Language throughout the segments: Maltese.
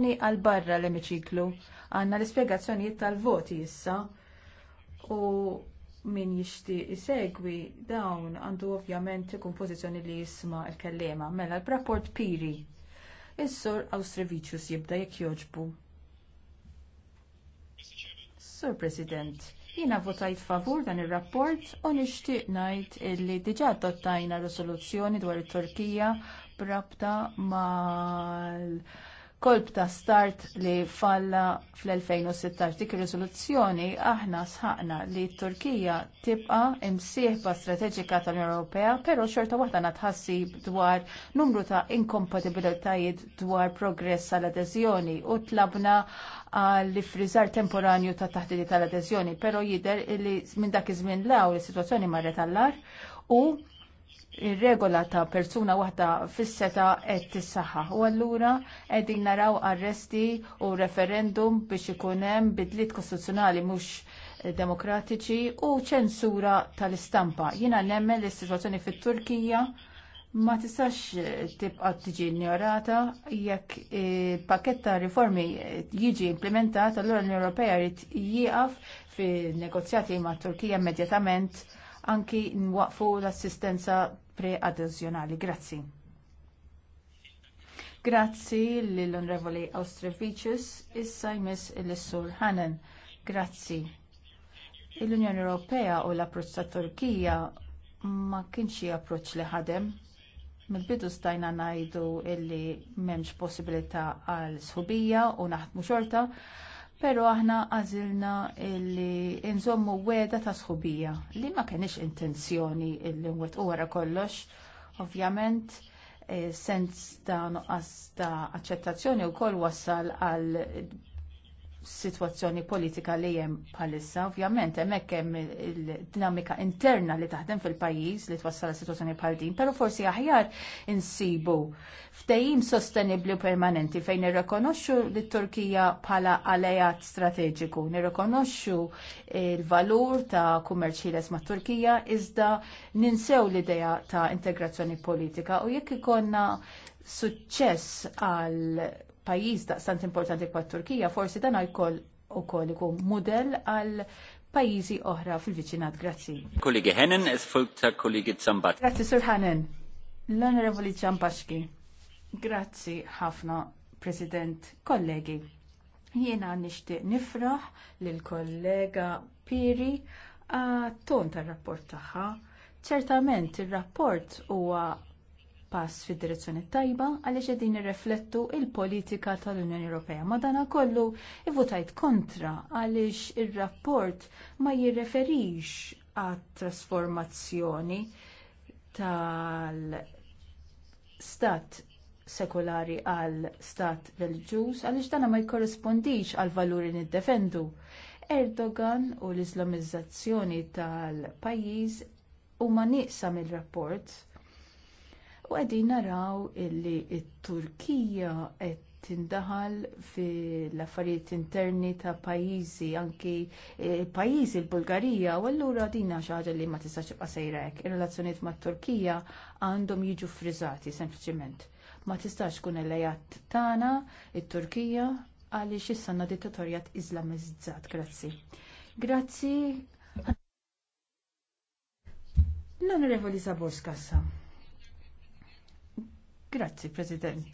Ni għal barra l-emiċiklu għanna l-ispiegazzjonijiet tal-voti issa u min jixti isegwi dawn għandu ovvjament ikun pożizzjoni li jisma l-kellema mela l-rapport piri. Is-sur Austrevicius jibda jekk joġbu. Sur President, jiena votajt favur dan ir-rapport u nixtieq ngħid illi diġà adottajna risoluzzjoni dwar it-Turkija b'rabta mal kolb ta' start li falla fl-2016 dik ir-riżoluzzjoni aħna sħaqna li t-Turkija tibqa' imsieħba strateġika tal-Unjoni Ewropea, però xorta waħda natħassib dwar numru ta' inkompatibilitajiet dwar progress għal adeżjoni u tlabna għal frizar temporanju ta' taħdidi tal-adeżjoni, però jidher li minn dak iż-żmien law is-sitwazzjoni marret allar u ir-regola ta' persuna waħda fis-seta qed tissaħħa. U allura qegħdin naraw arresti u referendum biex ikun hemm bidliet kostituzzjonali mhux demokratiċi u ċensura tal-istampa. Jiena nemmen li s-sitwazzjoni fit-Turkija ma tistax tibqa' tiġi ignorata jekk il-pakett ta' riformi jiġi implementat, allura l-Ewropea jrid jieqaf fin negozjati mat Turkija immedjatament anki nwaqfu l-assistenza pre adozjonali Grazzi. Grazzi l-Onorevoli Austrevicius, issa jmiss l-Sur Hanen. Grazzi. L-Unjoni Ewropea u l-approċċ ta' Turkija ma kienx xi approċċ li ħadem. Mill-bidu stajna ngħidu li m'hemmx possibilità għal sħubija u naħdmu xorta Pero aħna għazilna li nżommu weda ta' sħubija li ma kienx intenzjoni illi nwet u kollox. Ovvjament, eh, sens ta' nuqqas ta' accettazzjoni u koll wassal għal situazzjoni politika li jem palissa, ovvjament, emmek jem il-dinamika interna li taħdem fil-pajis li twassala situazzjoni bħal din, pero forsi aħjar insibu ftejim sostenibli u permanenti fejn nirrekonoxxu li Turkija bħala alleat strateġiku, nirrekonoxxu il-valur ta' kummerċiles ma' Turkija, iżda ninsew l-ideja ta' integrazzjoni politika u jekk ikonna suċċess għal pajjiż daqstant importanti kwa Turkija, forsi dan għajkoll u koll ikun model għal pajjiżi oħra fil-viċinat. Grazzi. Kollegi Hennen, es kollegi Zambat. Grazzi, Sur Hennen. L-Onorevoli Ġampaxki. Grazzi ħafna, President, kollegi. Jiena nixtieq nifraħ lill kollega Piri għat-ton tar-rapport tagħha. Ċertament ir-rapport huwa pass fid direzzjoni tajba għaliex qegħdin irreflettu l politika tal-Unjoni Ewropea. Madana kollu ivvutajt kontra għaliex ir-rapport ma jirreferix għat trasformazzjoni tal-stat sekolari għal stat reliġjuż għaliex dana ma jkorrispondix għal valuri niddefendu. Erdogan u l-Islamizzazzjoni tal-pajjiż huma nieqsa mill-rapport u għedin naraw illi t-Turkija qed tindaħal fil-affarijiet interni ta' pajjiżi anki eh, pajjiżi l-Bulgarija u allura din xaġa ħaġa li ma tistax tibqa' sejrek. Ir-relazzjonijiet mat-Turkija għandhom jiġu friżati sempliciment. Ma tistax tkun elejat tagħna il turkija għaliex xissanna dittatorjat Iżlamizzat. Grazzi. Grazzi. Non Revoli Saborskas. Grazzi, President.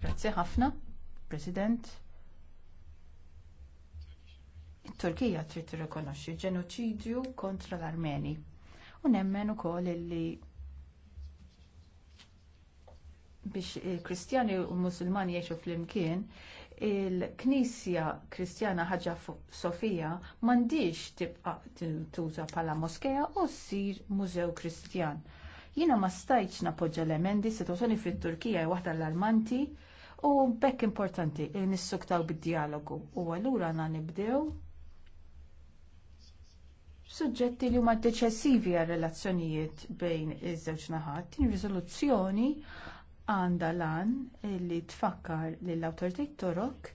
Grazzi ħafna, President. Turkija trid tirrikonoxxi ġenoċidju kontra l-Armeni. U nemmen ukoll illi biex Kristjani u Musulmani jgħixu flimkien il-Knisja Kristjana Ħaġa Sofija m'għandix tibqa tintuża bħala moskeja u ssir Mużew Kristjan. Jiena ma stajtx napoġġa l-emendi situazzjoni fit-Turkija hija waħda l-Armanti u bekk importanti li nissuktaw bid-dialogu u allura na nibdew suġġetti li huma deċessivi għal relazzjonijiet bejn iż-żewġ naħat. tin riżoluzzjoni għandha lan li tfakkar lill-awtoritajiet torok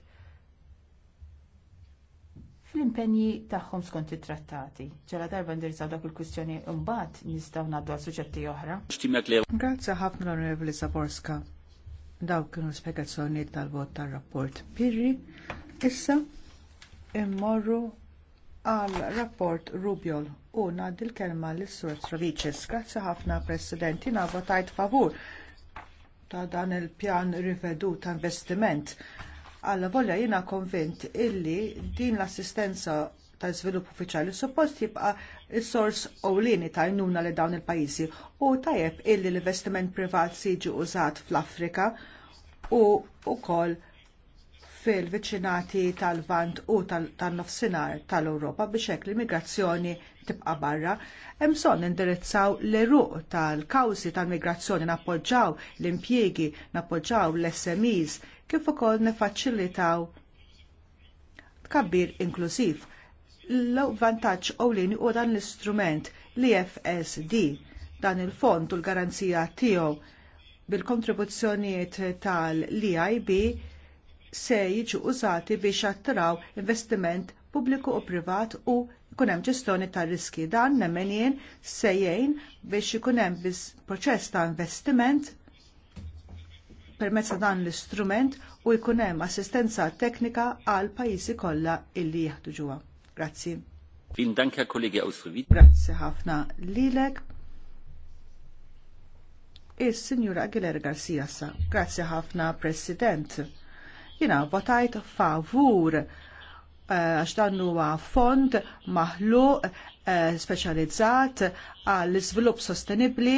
fl-impenji tagħhom skont it-trattati. Ġala darba ndirizzaw dak il-kwistjoni imbagħad nistgħu ngħaddu għal suġġetti oħra. Grazzi ħafna l-Onorevoli Saborska. Dawk kienu spjegazzjonijiet tal-vot tar-rapport Pirri. Issa immorru għal rapport Rubjol u ngħaddi l-kelma lis sur Travicis. Grazzi ħafna President, jiena votajt favur ta' dan il-pjan rivedut ta' investiment. Alla volja jiena konvint illi din l-assistenza ta' żvilupp uffiċjali suppost jibqa' s-sors ewlieni ta' jnuna li dawn il-pajjiżi u tajjeb illi l-investiment privat siġi użat fl-Afrika u wkoll fil-viċinati tal-Vant u tan nofsinhar tal-Ewropa biex hekk l-immigrazzjoni tibqa' barra, hemm bżonn indirizzaw l-eruq tal-kawżi tal-migrazzjoni nappoġġaw l-impjiegi, nappoġġaw l-SMEs kif ukoll nifaċilitaw tkabbir inklużiv. L-vantaġġ ewlieni huwa dan l-istrument l-IFSD dan il-fond u l-garanzija tiegħu bil-kontribuzzjonijiet tal-EIB se jiġu użati biex attraw investiment pubbliku u privat u ikun hemm ġestjoni tar-riski dan nemmen jien se jgħin biex ikun hemm proċess ta' investiment permezz ta' dan l-istrument u jkun hemm assistenza teknika għal pajjiżi kollha illi jaħdu ġuha. Grazzi. Fin danka kollegi Awstruvit. Grazzi ħafna lilek. Is-Sinjura Aguilera Garcia sa. Grazzi ħafna President. Jina votajt favur Eh, għax dan huwa fond maħluq eh, speċjalizzat għall iżvilupp sostenibbli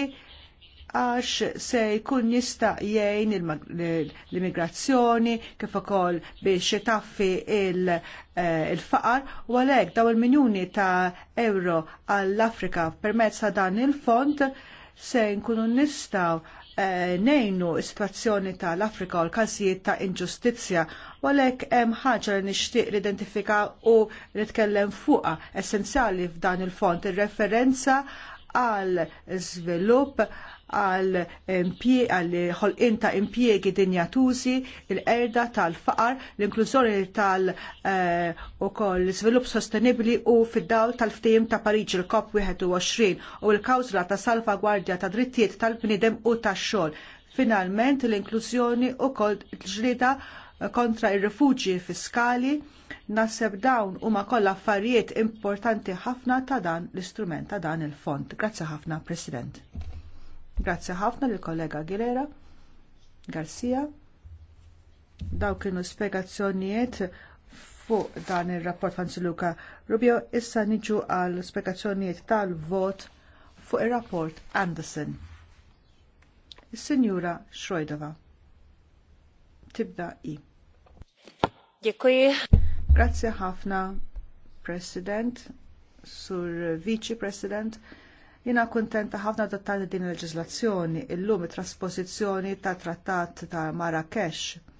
għax se jkun jista' jgħin l-immigrazzjoni kif ukoll biex taffi eh, il-faqar u għalhekk daw il-miljuni ta' euro għall-Afrika permezz ta' dan il-fond se nkunu nistgħu eh, nejnu sitwazzjoni tal-Afrika u l-każijiet ta' inġustizzja u għalhekk hemm ħaġa li nixtieq l-identifika u nitkellem fuqha essenzjali f'dan il-fond ir-referenza għal żvilupp għal ħolqien ta' impjiegi dinjatusi, il-erda tal-faqar, l-inklużjoni tal- eh, ukoll l-iżvilupp sostenibbli u fid-dawl tal-ftehim ta' Pariġi l-COP 21 u l-kawżla ta' salvagwardja ta' drittijiet tal-bniedem u tax-xogħol. Finalment l-inklużjoni wkoll ġlieda kontra ir-rifuġi fiskali, naħseb dawn huma kollha affarijiet importanti ħafna ta' dan l-istrument ta' dan il-fond. Grazzi ħafna, President. Grazzi ħafna lill kollega Aguilera, Garcia. Daw kienu spjegazzjonijiet fuq dan ir rapport Fanzi Rubio issa niġu għal spjegazzjonijiet tal-vot fuq ir rapport Anderson. Is-Sinjura Schroedova tibda i. Dziękuję. Grazie ħafna, President, Sur Vice President. Jena kontenta ħafna adottata din il-leġislazzjoni, illum it-trasposizjoni ta' trattat ta' Marrakesh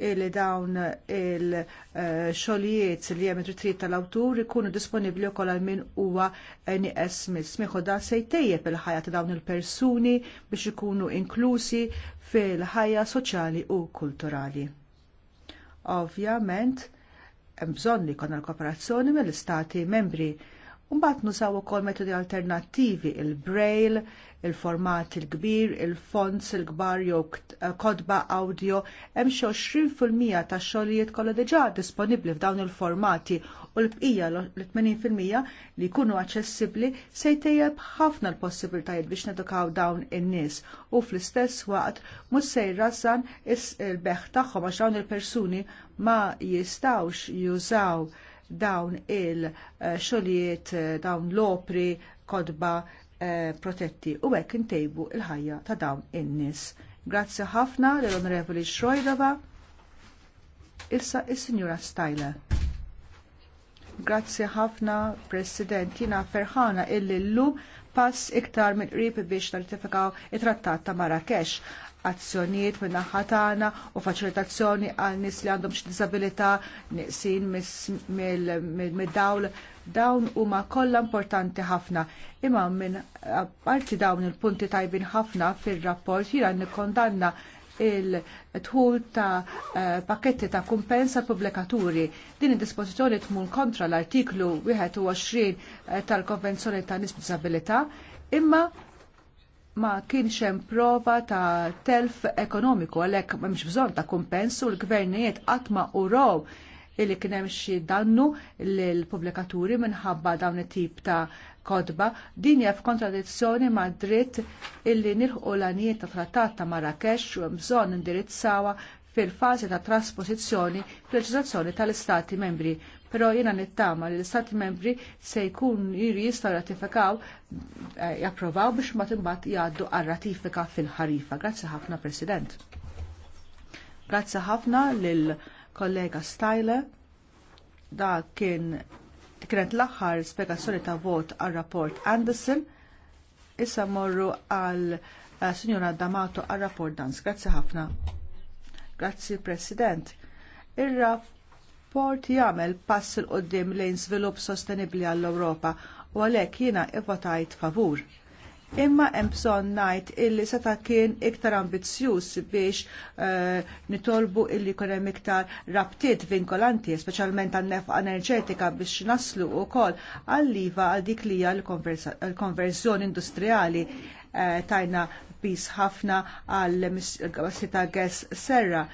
li dawn il-xogħlijiet li hemm it-trid tal-awtur ikunu disponibbli wkoll għal min huwa nieqes mis-smieħu da se jtejjeb il-ħajja ta' dawn il-persuni biex ikunu inklusi fil-ħajja soċjali u kulturali. Ovvjament, hemm bżonn li jkollna l-kooperazzjoni mill-istati membri Mbagħad nusaw ukoll metodi alternattivi il-braille, il-format il-kbir, il-fonts il-kbar jew eh, kodba audio, hemm xi 20% tax-xogħlijiet kollha diġà disponibbli f'dawn il-formati u l-bqija l-80% li jkunu aċċessibbli se jtejjeb ħafna l-possibiltajiet biex nedukaw dawn in-nies u fl-istess waqt mhux se jrassan il-beħ tagħhom għax dawn il-persuni ma jistgħux jużaw dawn il-xogħlijiet eh, eh, dawn l-opri kodba eh, protetti u hekk intejbu l ħajja ta' dawn in-nies. Grazzi ħafna l-Onorevoli Schroidova. Issa is-Sinjura Stajla. Grazzi ħafna, President, jina ferħana illi l-lum pass iktar minn qrib biex narratifikaw it-trattat ta' Marrakesh azzjonijiet minn tagħna u faċilitazzjoni għal nies li għandhom xi diżabilità niqsin mid-dawl dawn huma kollha importanti ħafna. Imma minn parti dawn il-punti tajbin ħafna fir-rapport jiena nikkondanna il-tħul ta' eh, pakketti ta' kumpensa publikaturi. Din id-dispożizzjoni tmur kontra l-artiklu 21 eh, tal-Konvenzjoni ta' Nis Disabilità imma ma kienx hemm prova ta' telf ekonomiku għalhekk m'hemmx bżonn ta' kumpensu l-gvernijiet qatt ma urow illi kien hemm xi dannu lill-pubblikaturi minħabba dawn it-tip ta' kodba. Din hija f'kontradizzjoni ma' dritt illi nilħqu l-għanijiet ta' trattat ta' Marrakesh u hemm bżonn indirizzawa fil-fażi ta' trasposizzjoni fil-leġiżlazzjoni tal-Istati membri però jiena nittama li l-Stati membri se jkun jiri jistaw ratifikaw japprovaw eh, biex ma timbat jgħaddu għal ratifika fil-ħarifa. Grazzi ħafna, President. Grazzi ħafna lill kollega Stajle. Da kien kienet l-aħħar spiegazzjoni ta' vot għal rapport Anderson. Issa morru għal eh, Signora Damato għal rapport dans. Grazzi ħafna. Grazzi President. Ir-rapport rapport jagħmel pass il qoddim lejn svilupp sostenibbli għall-Ewropa u għalhekk jiena ivvotajt favur. Imma hemm bżonn ngħid illi seta' kien iktar ambizzjuż biex uh, nitolbu illi jkun hemm iktar rabtiet vinkolanti, speċjalment għan-nefqa enerġetika biex naslu wkoll għall-iva għal dik li hija l konverżjoni industrijali uh, tajna pis ħafna għall-gassita gas serra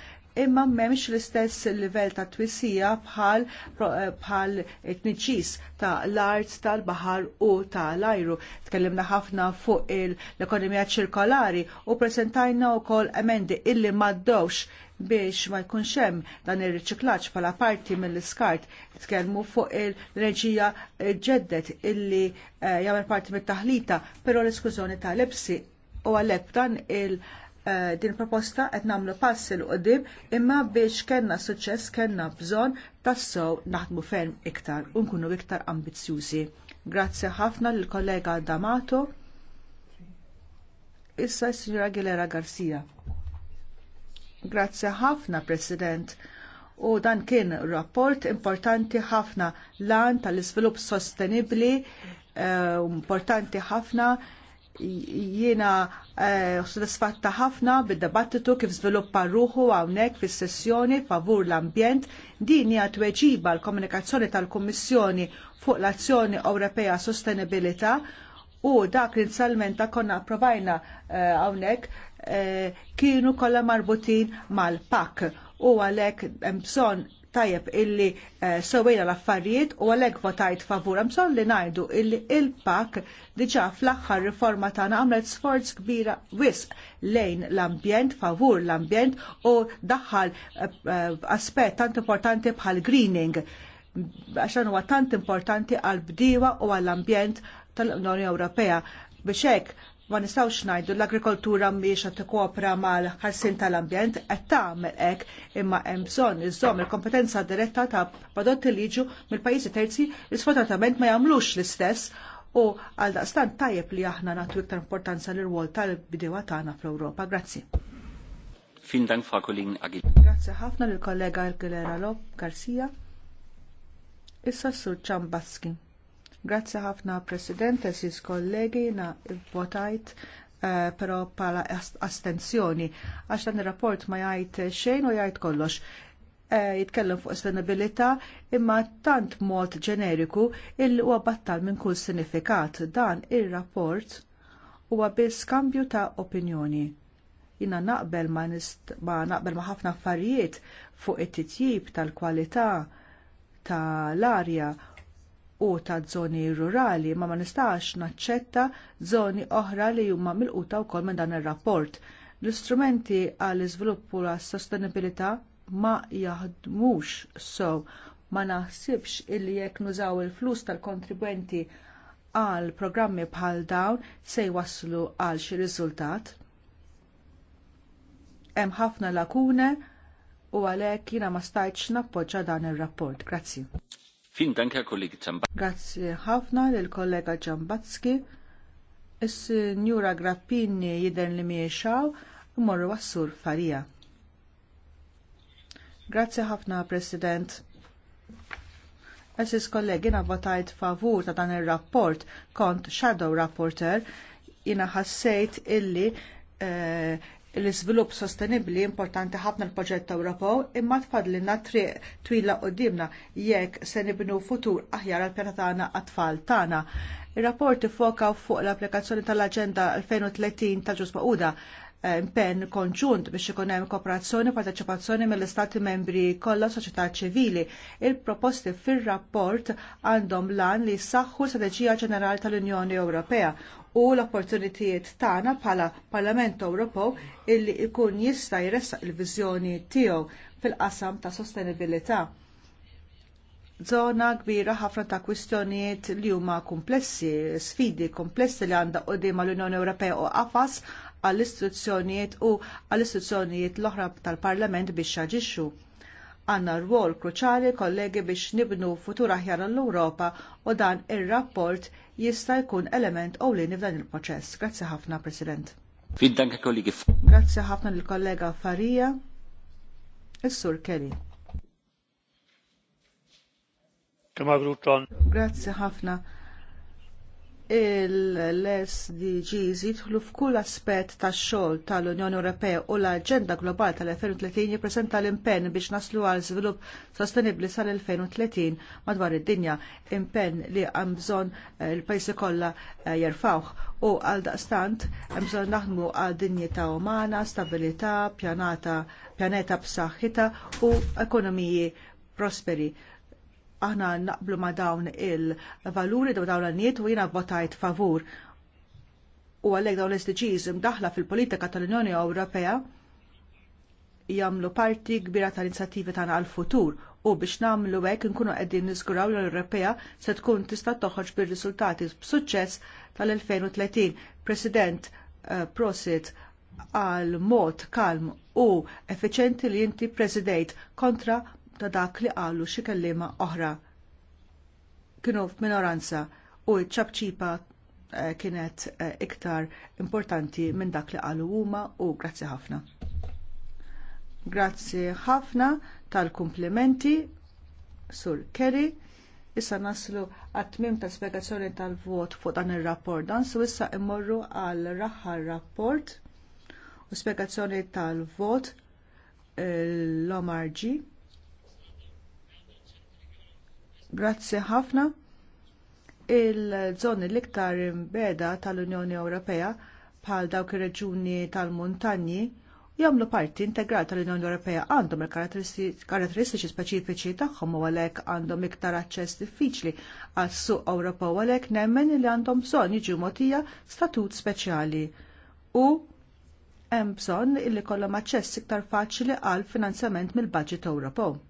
imma m'hemmx l-istess livell ta' twissija bħal eh, bħal tniġis ta' l-art tal-baħar u tal-ajru. Tkellimna ħafna fuq l-ekonomija ċirkolari u presentajna wkoll emendi illi maddowx biex ma jkunx hemm dan ir-riċiklaġġ bħala parti mill-iskart tkellmu fuq il-reġija ġeddet illi eh, jagħmel parti mit-taħlita, però l-iskużjoni tal-ebsi u għalhekk dan il- Eh, din proposta qed nagħmlu pass l qudiem imma biex kellna suċċess kellna bżonn tassew naħdmu ferm iktar u nkunu iktar ambizzjużi. Grazzi ħafna lill kollega Damato. Issa s-Sinjora Aguilera Garcia. Grazzi ħafna, President u dan kien rapport importanti ħafna lan tal-iżvilupp sostenibbli uh, importanti ħafna jiena eh, sodisfatta ħafna bid-dibattitu kif żviluppa ruħu hawnhekk fis-sessjoni favur l-ambjent din hija tweġiba l-komunikazzjoni tal-Kummissjoni fuq l-Azzjoni Ewropea Sostenibilità u dak li nsalmenta konna approvajna eh, hawnhekk eh, kienu kollha marbutin mal-PAK u għalhekk hemm bżonn tajjeb illi eh, sewwejna l-affarijiet u għalhekk votajt favur. Mżon li ngħidu illi il-pak diġà fl-aħħar riforma ta' għamlet sforz kbira wisq lejn l-ambjent, favur l-ambjent u daħħal eh, aspett tant importanti bħal greening għaxan huwa tant importanti għall bdiewa u għall-ambjent tal-Unjoni Ewropea biex hekk ma nistawx najdu l-agrikoltura mhijiex qed tikkopra mal-ħarsin tal-ambjent qed tagħmel hekk imma hemm bżonn iżżomm il-kompetenza diretta ta' prodotti liġu mill-pajjiżi terzi li sfortunatament ma jagħmlux l-istess u għal daqstan tajjeb li aħna nagħtu iktar importanza l rwol tal-bidewa tagħna fl-Ewropa. Grazzi. Fin dank fra Agil. Grazzi ħafna lill kollega Lop Garcia. Issa s-sur Ċambaski. Grazzi ħafna President, eżis kollegi, na votajt Uh, però pala astenzjoni għax dan ir-rapport ma jgħid xejn u jgħid kollox. Uh, fuq sostenibilità imma tant mod ġeneriku il huwa battal minn kull sinifikat dan ir-rapport huwa biss skambju ta' opinjoni. Jina naqbel ma, ma naqbel ma ħafna affarijiet fuq it-titjib tal-kwalità tal-arja u ta' żoni rurali ma ma nistax naċċetta żoni oħra li huma mil-quta wkoll minn dan ir-rapport. L-istrumenti għall iżvilupp u s sostenibilità ma jaħdmux sew ma naħsibx illi jekk nużaw il-flus tal-kontribwenti għal programmi bħal dawn se jwasslu għal xi riżultat. Hemm ħafna lakune u għalhekk jiena ma stajtx nappoġġa dan ir-rapport. Grazzi. Fin danka kollegi Grazzi ħafna lill kollega Ġambatski. Is-Njura Grappini jidher li miexaw imorru għas-Sur Farija. Grazzi ħafna, President. Eżis kollegi votajt favur ta' dan ir rapport kont shadow rapporter jina ħassejt illi eh, l-iżvilupp sostenibbli importanti ħafna l-proġett Ewropew imma tfadlilna triq twila qudiemna jekk se nibnu futur aħjar għall pjana tagħna għat-tfal tagħna. Ir-rapport ifokaw fuq l-applikazzjoni tal-Aġenda 2030 tal-ġus Uda impenn konġunt biex ikun hemm kooperazzjoni u parteċipazzjoni mill-Istati membri kollha soċjetà ċivili. Il-proposti fir-rapport għandhom lan li jsaħħu strateġija ġenerali tal-Unjoni Ewropea u l-opportunitijiet tagħna bħala Parlament Ewropew illi jkun jista' jressaq il-viżjoni tiegħu fil-qasam ta' sostenibilità. Żona kbira ħafna ta' kwistjonijiet li huma komplessi, sfidi komplessi li għandha qudiema l-Unjoni Ewropea u qafas għall-istituzzjonijiet u għall-istituzzjonijiet l-oħra tal-Parlament biex jaġixxu għanna rwol kruċali kollegi biex nibnu futur aħjar għall-Ewropa u dan ir-rapport jista' jkun element ewlieni f'dan il-proċess. Grazzi ħafna, President. Fid-danka kollegi. Grazzi ħafna lill-kollega Farija. Is-Sur Kelly. Kemm Grazzi ħafna il-SDGs jidħlu f'kull aspett tax-xogħol tal-Unjoni Ewropea u l-Aġenda Globali tal-2030 jippreżenta l-impenn biex naslu għal żvilupp sostenibbli sal-2030 madwar id-dinja, impenn li hemm bżonn eh, il-pajjiżi kollha eh, jerfawh u għal daqstant hemm bżonn naħdmu għal dinjità umana, stabilità, pjanata, pjaneta b'saħħitha u ekonomiji prosperi aħna naqblu ma dawn il-valuri daw dawn l-niet u jiena votajt favur. U għalhekk dawn l-SDGs imdaħla fil-politika tal-Unjoni Ewropea jagħmlu parti kbira tal-inizjattivi tagħna għall-futur u biex nagħmlu hekk inkunu qegħdin niżguraw l-Unjoni Ewropea se tkun tista' toħroġ bir-riżultati b'suċċess tal-2030. President eh, Prosit għal mod kalm u effiċenti li inti presidejt kontra ta' dak li qalu xi kelliema oħra. Kienu f'minoranza u ċabċipa eh, kienet eh, iktar importanti minn dak li qalu huma u grazzi ħafna. Grazzi ħafna tal-kumplimenti Sur Kerry. Issa naslu għat-tmim ta' spiegazzjoni tal-vot fuq dan ir rapport Dan su issa immorru għal raħħal rapport u spiegazzjoni tal-vot eh, l-omarġi. Grazzi ħafna. Il-żoni l-iktar imbeda tal-Unjoni Ewropea bħal dawk ir-reġuni tal-muntanji jagħmlu parti integrata tal-Unjoni Ewropea għandhom il-karatteristiċi speċifiċi tagħhom u għalhekk għandhom iktar aċċess diffiċli għas-suq Ewropew u għalhekk nemmen li għandhom bżonn jiġu mogħtija statut speċjali u hemm bżonn li jkollhom aċċess iktar faċli għal finanzjament mill-Baġit Ewropew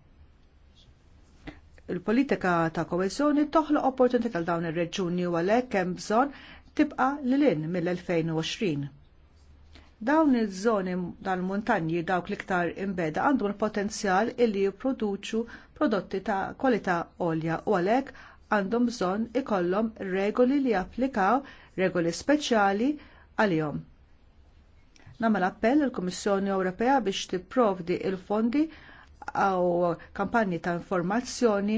il-politika ta' koesjoni toħloq opportunità għal dawn ir-reġuni u għalhekk hemm bżonn tibqa' lilin mill-2020. Dawn iż-żoni tal-muntanji dawk l-iktar imbeda għandhom il-potenzjal illi jipproduċu prodotti ta' kwalità għolja u għalhekk għandhom bżonn ikollhom regoli li japplikaw regoli speċjali għalihom. Nagħmel appell il-Kummissjoni Ewropea biex tipprovdi l fondi għaw kampanji ta' informazzjoni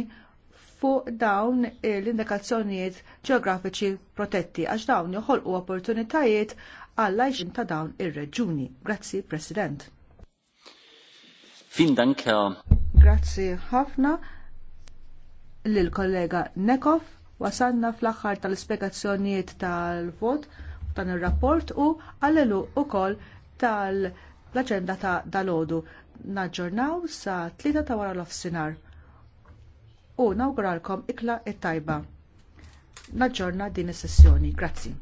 fuq dawn l-indikazzjonijiet ġeografiċi protetti għax dawn joħolqu opportunitajiet għall għajxin ta' dawn ir-reġuni. Grazzi, President. Fin danka. Grazzi ħafna lil kollega Nekov wasanna fl-aħħar tal-spiegazzjonijiet tal-vot dan ir-rapport u għallelu ukoll tal-aġenda ta' dalodu naġġornaw sa tlieta ta' wara l-offsinar u nawguralkom ikla it-tajba. E Naġġorna din is-sessjoni. Grazzi.